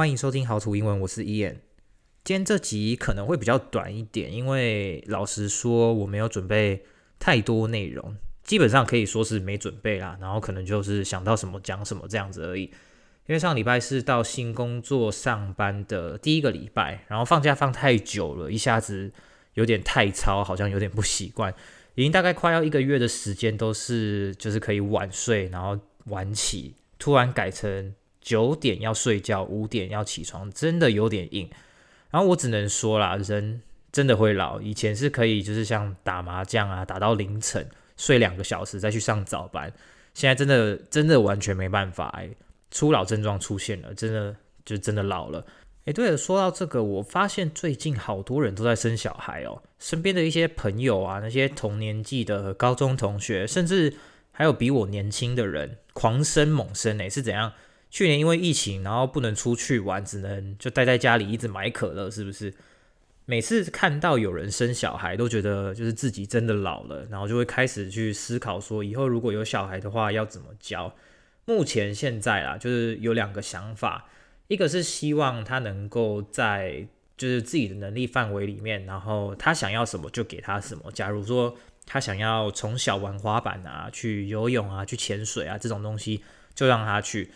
歡迎收聽好土英文，我是 Ian。今天這集可能會比較短一點，因為老實說我沒有準備太多內容，基本上可以說是沒準備啦。然後可能就是想到什麼講什麼這樣子而已。因為上禮拜是到新工作上班的第一個禮拜，然後放假放太久了，一下子有點太超，好像有點不習慣。已經大概快要一個月的時間都是就是可以晚睡，然後晚起，突然改成。九點要睡覺，五點要起床，真的有點硬。然後我只能說啦，人真的會老。以前是可以，就是像打麻將啊，打到凌晨，睡兩個小時再去上早班。現在真的真的完全沒辦法、欸，哎，初老症狀出現了，真的就真的老了。哎、欸，對了，說到這個，我發現最近好多人都在生小孩哦、喔。身邊的一些朋友啊，那些同年紀的高中同學，甚至還有比我年輕的人，狂生猛生、欸，哎，是怎樣？去年因為疫情，然後不能出去玩，只能就待在家裡，一直買可樂，是不是？每次看到有人生小孩，都覺得就是自己真的老了，然後就會開始去思考說，以後如果有小孩的話要怎麼教。目前現在啊，就是有兩個想法，一個是希望他能夠在就是自己的能力範圍裡面，然後他想要什麼就給他什麼。假如說他想要從小玩滑板啊、去游泳啊、去潛水啊這種東西，就讓他去。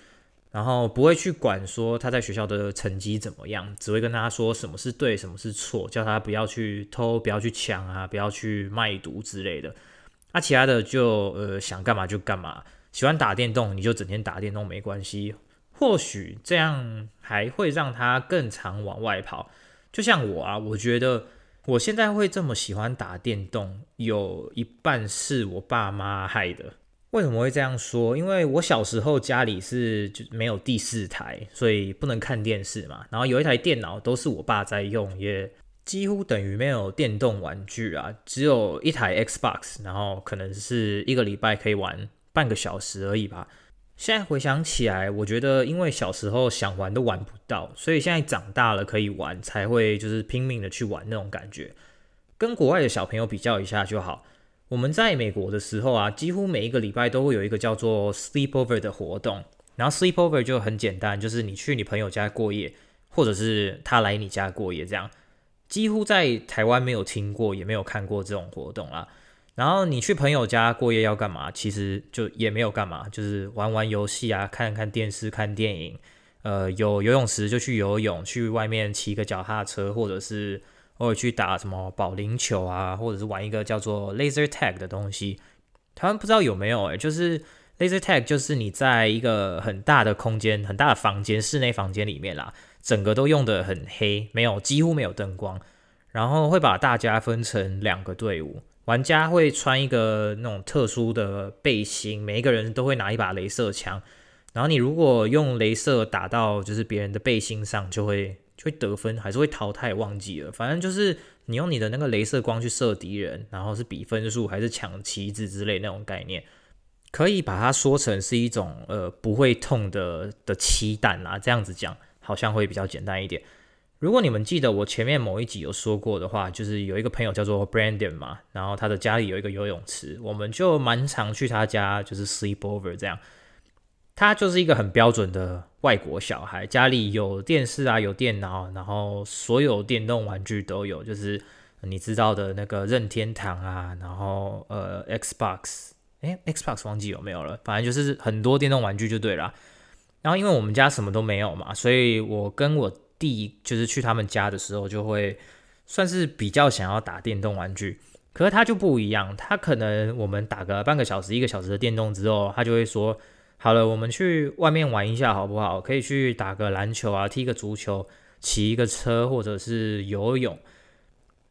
然後不會去管說他在學校的成績怎麼樣，只會跟他說什麼是對，什麼是錯，叫他不要去偷，不要去搶啊，不要去賣毒之類的。啊，其他的就呃想幹嘛就幹嘛，喜歡打電動你就整天打電動沒關係，或許這樣還會讓他更常往外跑。就像我啊，我覺得我現在會這麼喜歡打電動，有一半是我爸媽害的。為什麼會這樣說？因為我小時候家裡是就沒有第四台，所以不能看電視嘛。然後有一台電腦都是我爸在用，也幾乎等於沒有電動玩具啊，只有一台 Xbox，然後可能是一個禮拜可以玩半個小時而已吧。現在回想起來，我覺得因為小時候想玩都玩不到，所以現在長大了可以玩，才會就是拼命的去玩那種感覺。跟國外的小朋友比較一下就好。我們在美國的時候啊，幾乎每一個禮拜都會有一個叫做 sleepover 的活動。然後 sleepover 就很簡單，就是你去你朋友家過夜，或者是他來你家過夜這樣。幾乎在台灣沒有聽過，也沒有看過這種活動啦。然後你去朋友家過夜要幹嘛？其實就也沒有幹嘛，就是玩玩遊戲啊，看看電視、看電影。呃，有游泳池就去游泳，去外面騎個腳踏車，或者是。偶爾去打什麼保齡球啊，或者是玩一個叫做 Laser Tag 的東西，台灣不知道有沒有，欸、就是 Laser Tag 就是你在一個很大的空間，很大的房間，室內房間裡面啦，整個都用得很黑，沒有幾乎沒有燈光，然後會把大家分成兩個隊伍，玩家會穿一個那種特殊的背心，每一個人都會拿一把鐳射槍，然後你如果用鐳射打到就是別人的背心上，就會。會得分還是會淘汰忘記了，反正就是你用你的那個鐳射光去射敵人，然後是比分數還是搶旗子，之類那種概念，可以把它說成是一種呃不會痛的的漆彈啊，這樣子講好像會比較簡單一點。如果你們記得我前面某一集有說過的話，就是有一個朋友叫做 Brandon 嘛，然後他的家裡有一個游泳池，我們就蠻常去他家就是 sleep over 這樣。他就是一個很標準的外國小孩，家裡有電視啊，有電腦，然後所有電動玩具都有，就是你知道的那個任天堂啊，然後呃 Xbox，哎 Xbox 忘記有沒有了，反正就是很多電動玩具就對了啊。然後因為我們家什麼都沒有嘛，所以我跟我弟就是去他們家的時候，就會算是比較想要打電動玩具。可是他就不一樣，他可能我們打個半個小時、一個小時的電動之後，他就會說。好了，我們去外面玩一下好不好？可以去打個籃球啊，踢個足球，騎一個車，或者是游泳。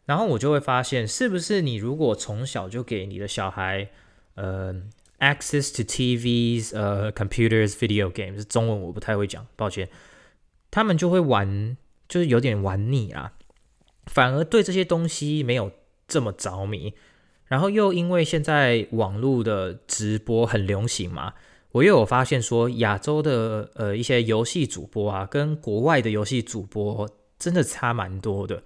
然後我就會發現，是不是你如果從小就給你的小孩，呃，access to TVs, uh,、呃、computers, video games（ 中文我不太會講，抱歉），他們就會玩，就是有點玩膩啦、啊，反而對這些東西沒有這麼着迷。然後又因為現在網絡的直播很流行嘛。我又有發現說，亞洲的呃一些遊戲主播啊，跟國外的遊戲主播真的差蠻多的，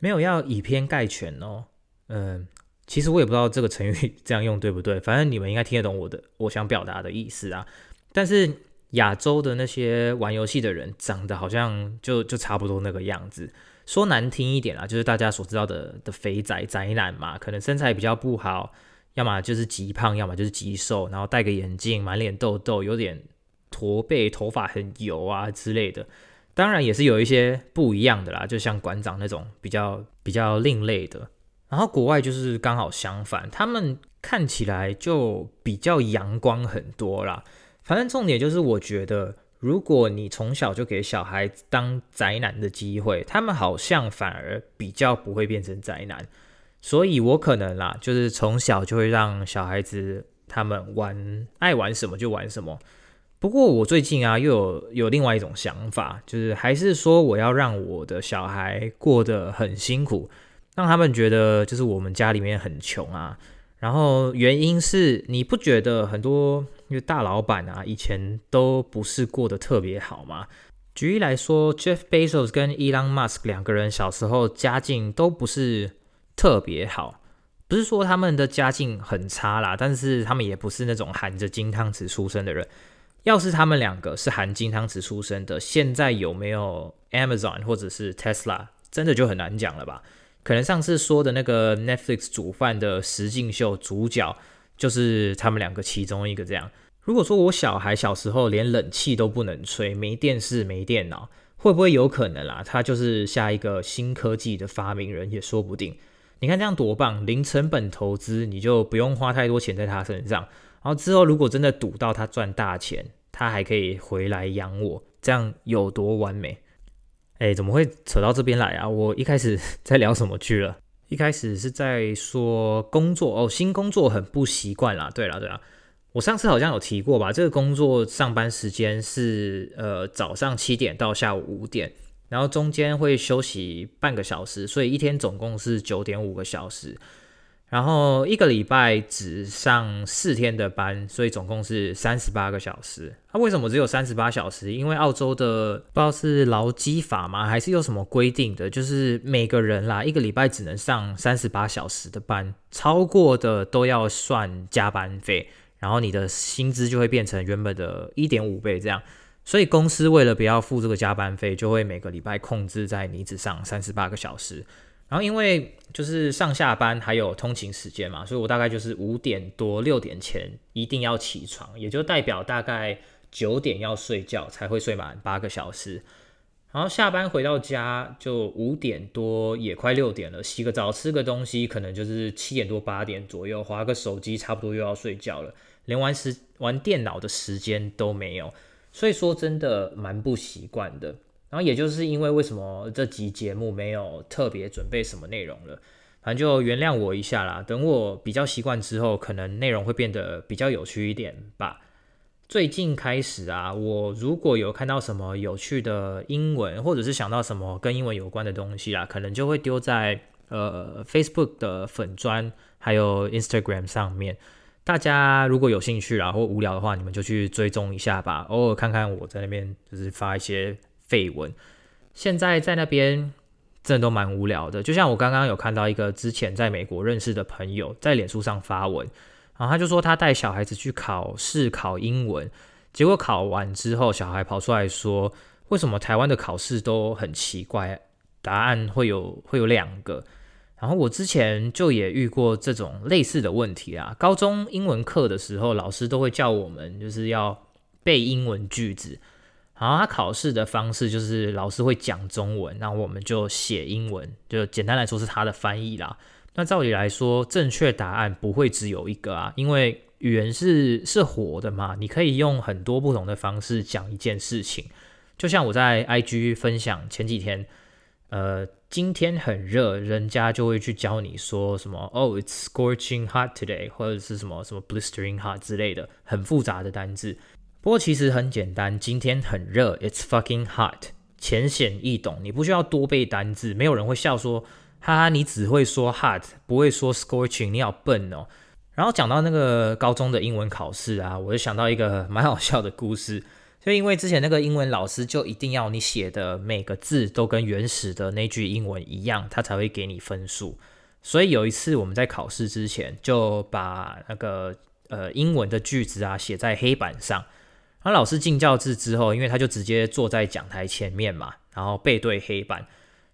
沒有要以偏概全哦。嗯、呃，其實我也不知道這個成語這樣用對不對，反正你們應該聽得懂我的我想表達的意思啊。但是亞洲的那些玩遊戲的人，長得好像就就差不多那個樣子。說難聽一點啊，就是大家所知道的的肥宅宅男嘛，可能身材比較不好。要麼就是極胖，要麼就是極瘦，然後戴個眼鏡，滿臉痘痘，有點駝背，頭髮很油啊之類的。當然也是有一些不一樣的啦，就像館長那種比較比較另類的。然後國外就是剛好相反，他們看起來就比較陽光很多啦。反正重點就是，我覺得如果你從小就給小孩當宅男的機會，他們好像反而比較不會變成宅男。所以我可能啦，就是從小就會讓小孩子他們玩，愛玩什麼就玩什麼。不過我最近啊，又有有另外一種想法，就是還是說我要讓我的小孩過得很辛苦，讓他們覺得就是我們家裡面很窮啊。然後原因是，你不覺得很多，因為大老闆啊，以前都不是過得特別好嗎？舉例來說，Jeff Bezos 跟 Elon Musk 兩個人小時候家境都不是。特別好，不是說他們的家境很差啦，但是他們也不是那種含着金湯匙出生的人。要是他們兩個是含金湯匙出生的，現在有沒有 Amazon 或者是 Tesla，真的就很難講了吧？可能上次說的那個 Netflix 煮飯的實境秀主角，就是他們兩個其中一個這樣。如果說我小孩小時候連冷氣都不能吹，沒電視沒電腦，會不會有可能啦、啊？他就是下一個新科技的發明人也說不定。你看這樣多棒，零成本投資，你就不用花太多錢在他身上。然後之後如果真的賭到他賺大錢，他還可以回來養我，這樣有多完美？誒、欸？怎麼會扯到這邊來啊？我一開始在聊什麼去了？一開始是在說工作哦，新工作很不習慣啦。對啦，對啦，我上次好像有提過吧？這個工作上班時間是呃早上七點到下午五點。然後中間會休息半個小時，所以一天總共是九點五個小時。然後一個禮拜只上四天的班，所以總共是三十八個小時。那、啊、為什麼只有三十八小時？因為澳洲的不知道是勞基法嗎，還是有什麼規定的，就是每個人啦一個禮拜只能上三十八小時的班，超過的都要算加班費，然後你的薪資就會變成原本的一點五倍這樣。所以公司為了不要付這個加班費，就會每個禮拜控制在你只上三十八個小時。然後因為就是上下班還有通勤時間嘛，所以我大概就是五點多六點前一定要起床，也就代表大概九點要睡覺才會睡滿八個小時。然後下班回到家就五點多也快六點了，洗個澡吃個東西，可能就是七點多八點左右滑個手機，差不多又要睡覺了，連玩時玩電腦的時間都沒有。所以說真的蠻不習慣的，然後也就是因為為什麼這集節目沒有特別準備什麼內容了，反正就原諒我一下啦。等我比較習慣之後，可能內容會變得比較有趣一點吧。最近開始啊，我如果有看到什麼有趣的英文，或者是想到什麼跟英文有關的東西啊，可能就會丟在呃 Facebook 的粉專還有 Instagram 上面。大家如果有興趣，然後無聊的話，你們就去追蹤一下吧。偶爾看看我在那邊，就是發一些廢文。現在在那邊真的都蠻無聊的。就像我剛剛有看到一個之前在美國認識的朋友在臉書上發文，然後他就說他帶小孩子去考試考英文，結果考完之後，小孩跑出來說，為什麼台灣的考試都很奇怪，答案會有會有兩個？然後我之前就也遇過這種類似的問題啦。高中英文課的時候，老師都會叫我們就是要背英文句子。然後他考試的方式就是老師會講中文，然後我們就寫英文，就簡單來說是他的翻譯啦。那照理來說，正確答案不會只有一個啊，因為語言是是活的嘛，你可以用很多不同的方式講一件事情。就像我在 IG 分享前幾天。呃，今天很熱，人家就會去教你說什麼，Oh, it's scorching hot today，或者是什麼什麼 blistering hot 之類的，很複雜的單字。不過其實很簡單，今天很熱，it's fucking hot，淺顯易懂，你不需要多背單字，沒有人會笑說，哈哈，你只會說 hot，不會說 scorching，你好笨哦。然後講到那個高中的英文考試啊，我就想到一個蠻好笑的故事。就因為之前那個英文老師，就一定要你寫的每個字都跟原始的那句英文一樣，他才會給你分數。所以有一次我們在考試之前，就把那個呃英文的句子啊寫在黑板上。那、啊、老師進教室之後，因為他就直接坐在講台前面嘛，然後背對黑板，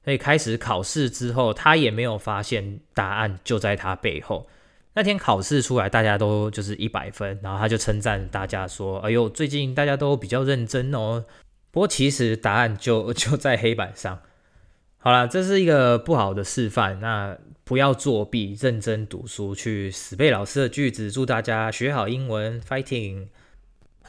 所以開始考試之後，他也沒有發現答案就在他背後。那天考試出來，大家都就是一百分，然後他就稱讚大家說：“哎呦，最近大家都比較認真哦。”不過其實答案就就在黑板上。好啦，這是一個不好的示範，那不要作弊，認真讀書，去死背老師的句子。祝大家學好英文，fighting！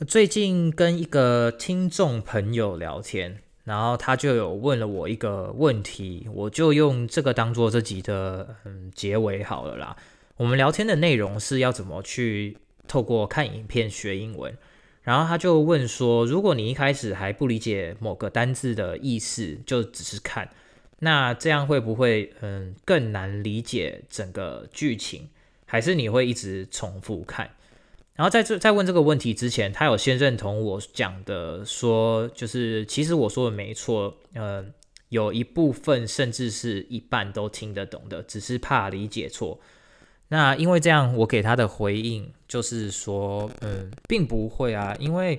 最近跟一個聽眾朋友聊天，然後他就有問了我一個問題，我就用這個當做這集的嗯結尾好了啦。我們聊天的內容是要怎麼去透過看影片學英文，然後他就問說：如果你一開始還不理解某個單字的意思，就只是看，那這樣會不會嗯更難理解整個劇情？還是你會一直重複看？然後在這，在問這個問題之前，他有先認同我講的說，說就是其實我說的沒錯，嗯，有一部分甚至是一半都聽得懂的，只是怕理解錯。那因為這樣，我給他的回應就是說，嗯，並不會啊，因為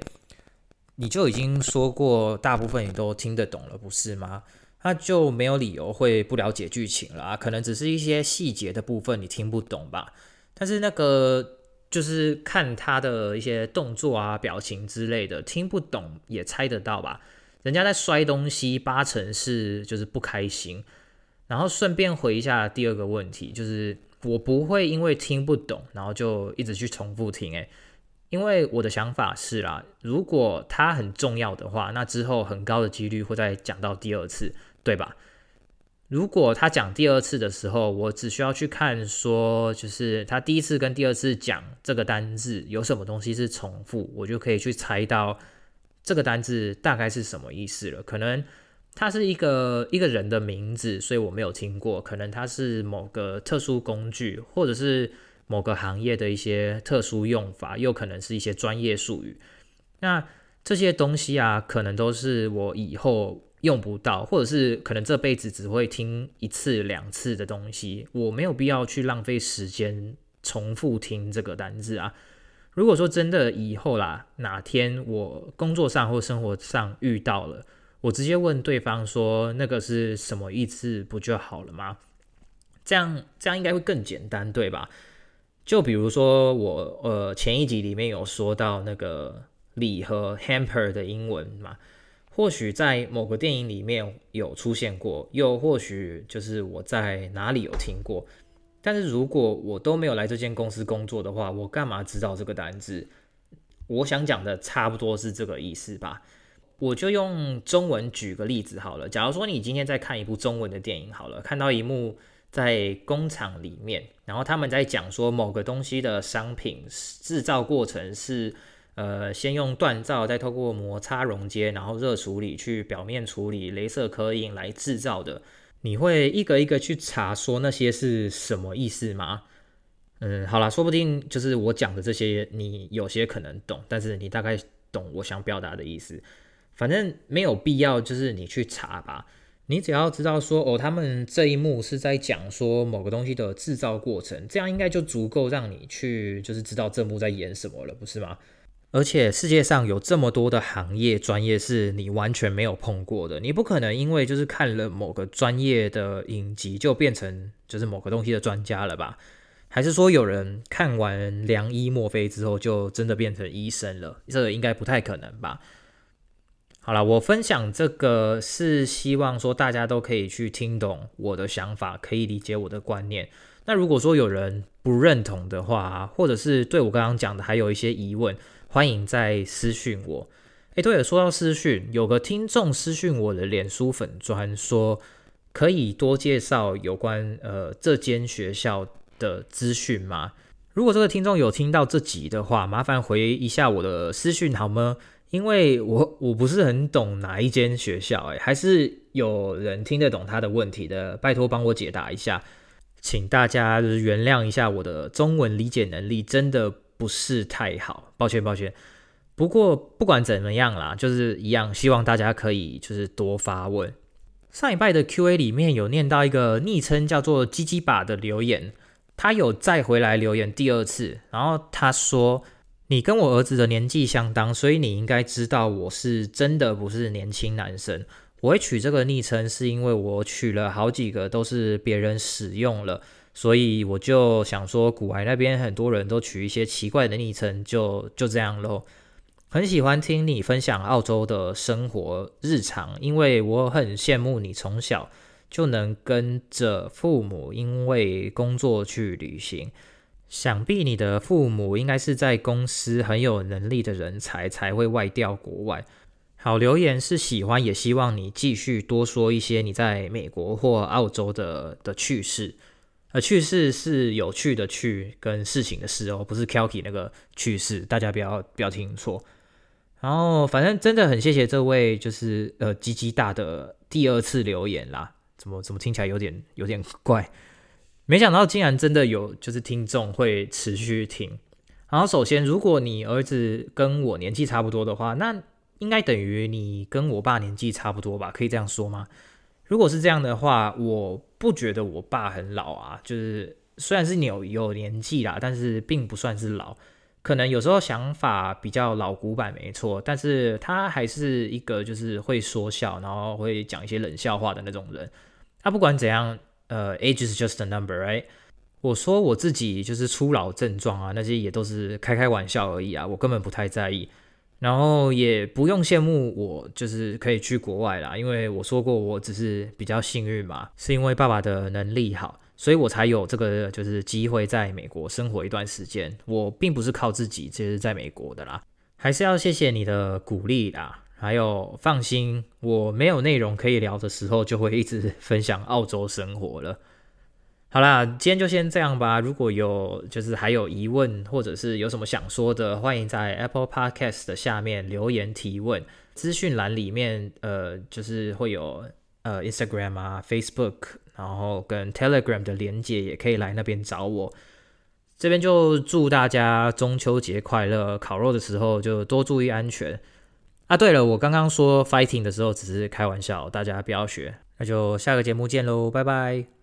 你就已經說過大部分你都聽得懂了，不是嗎？他就沒有理由會不了解劇情了啊，可能只是一些細節的部分你聽不懂吧。但是那個就是看他的一些動作啊、表情之類的，聽不懂也猜得到吧？人家在摔東西，八成是就是不開心。然後順便回一下第二個問題，就是。我不會因為聽不懂，然後就一直去重複聽、欸，誒，因為我的想法是啦、啊，如果它很重要的話，那之後很高的幾率會再講到第二次，對吧？如果他講第二次的時候，我只需要去看說，就是他第一次跟第二次講這個單字有什麼東西是重複，我就可以去猜到這個單字大概是什麼意思了，可能。它是一個一個人的名字，所以我沒有聽過。可能它是某個特殊工具，或者是某個行業的一些特殊用法，又可能是一些專業術語。那這些東西啊，可能都是我以後用不到，或者是可能這輩子只會聽一次兩次的東西，我沒有必要去浪費時間重複聽這個單字啊。如果說真的以後啦，哪天我工作上或生活上遇到了，我直接問對方說：“那個是什麼意思？不就好了嗎？這樣這樣應該會更簡單，對吧？就比如說我呃前一集裡面有說到那個禮盒 hamper 的英文嘛，或許在某個電影裡面有出現過，又或許就是我在哪裡有聽過。但是如果我都沒有來這間公司工作的話，我幹嘛知道這個單字？我想講的差不多是這個意思吧。”我就用中文舉個例子好了。假如說你今天在看一部中文的電影好了，看到一幕在工廠裡面，然後他們在講說某個東西的商品製造過程是，呃，先用鍛造，再透過摩擦熔接，然後熱處理去表面處理，鐳射刻印來製造的。你會一個一個去查說那些是什麼意思嗎？嗯，好了，說不定就是我講的這些，你有些可能懂，但是你大概懂我想表達的意思。反正沒有必要，就是你去查吧。你只要知道說哦，他們這一幕是在講說某個東西的制造過程，這樣應該就足夠讓你去就是知道這幕在演什麼了，不是嗎？而且世界上有這麼多的行業專業是你完全沒有碰過的，你不可能因為就是看了某個專業的影集，就變成就是某個東西的專家了吧？還是說有人看完《良醫》墨菲之後就真的變成醫生了？這個應該不太可能吧？好了，我分享這個是希望說大家都可以去聽懂我的想法，可以理解我的觀念。那如果說有人不認同的話，或者是對我剛剛講的還有一些疑問，歡迎再私訊我。誒，對了，說到私訊，有個聽眾私訊我的臉書粉專說可以多介紹有關呃這間學校的資訊嗎？如果這個聽眾有聽到這集的話，麻煩回一下我的私訊好嗎？因為我我不是很懂哪一間學校誒，還是有人聽得懂他的問題的，拜託幫我解答一下，請大家就是原諒一下我的中文理解能力真的不是太好，抱歉抱歉。不過不管怎麼樣啦，就是一樣，希望大家可以就是多發問。上禮拜的 Q&A 裡面有念到一個昵稱叫做“雞雞爸”的留言，他有再回來留言第二次，然後他說。你跟我兒子的年紀相當，所以你應該知道我是真的不是年輕男生。我會取這個昵稱，是因為我取了好幾個都是別人使用了，所以我就想說，古海那邊很多人都取一些奇怪的昵稱就，就就這樣咯。很喜歡聽你分享澳洲的生活日常，因為我很羨慕你從小就能跟着父母因為工作去旅行。想必你的父母應該是在公司很有能力的人才，才會外調國外。好，留言是喜歡，也希望你繼續多說一些你在美國或澳洲的的趣事。呃，趣事是有趣的趣跟事情的事哦，不是 Kelky 那個去世，大家不要不要聽錯。然後，反正真的很謝謝這位就是呃雞雞大的第二次留言啦。怎麼怎麼聽起來有點有點怪？沒想到竟然真的有，就是聽眾會持續聽。然後，首先，如果你兒子跟我年紀差不多的話，那應該等於你跟我爸年紀差不多吧？可以這樣說嗎？如果是這樣的話，我不覺得我爸很老啊。就是雖然是有有年紀啦，但是並不算是老。可能有時候想法比較老古板，沒錯。但是他還是一個就是會說笑，然後會講一些冷笑話的那種人啊。他不管怎樣。呃，uh，age is just a number，right？我說我自己就是初老症狀啊，那些也都是開開玩笑而已啊，我根本不太在意，然後也不用羨慕我，就是可以去國外啦，因為我說過我只是比較幸運嘛，是因為爸爸的能力好，所以我才有這個就是機會在美國生活一段時間，我並不是靠自己就是在美國的啦，還是要謝謝你的鼓勵啦。還有，放心，我沒有內容可以聊的時候，就會一直分享澳洲生活了。好啦，今天就先這樣吧。如果有，就是還有疑問，或者是有什麼想說的，歡迎在 Apple Podcast 的下面留言提問。資訊欄裡面，呃，就是會有呃 Instagram 啊 Facebook，然後跟 Telegram 的連結也可以來那邊找我。這邊就祝大家中秋節快樂，烤肉的時候就多注意安全。啊，對了，我剛剛說 fighting 的時候只是開玩笑，大家不要學。那就下個節目見嘍，拜拜。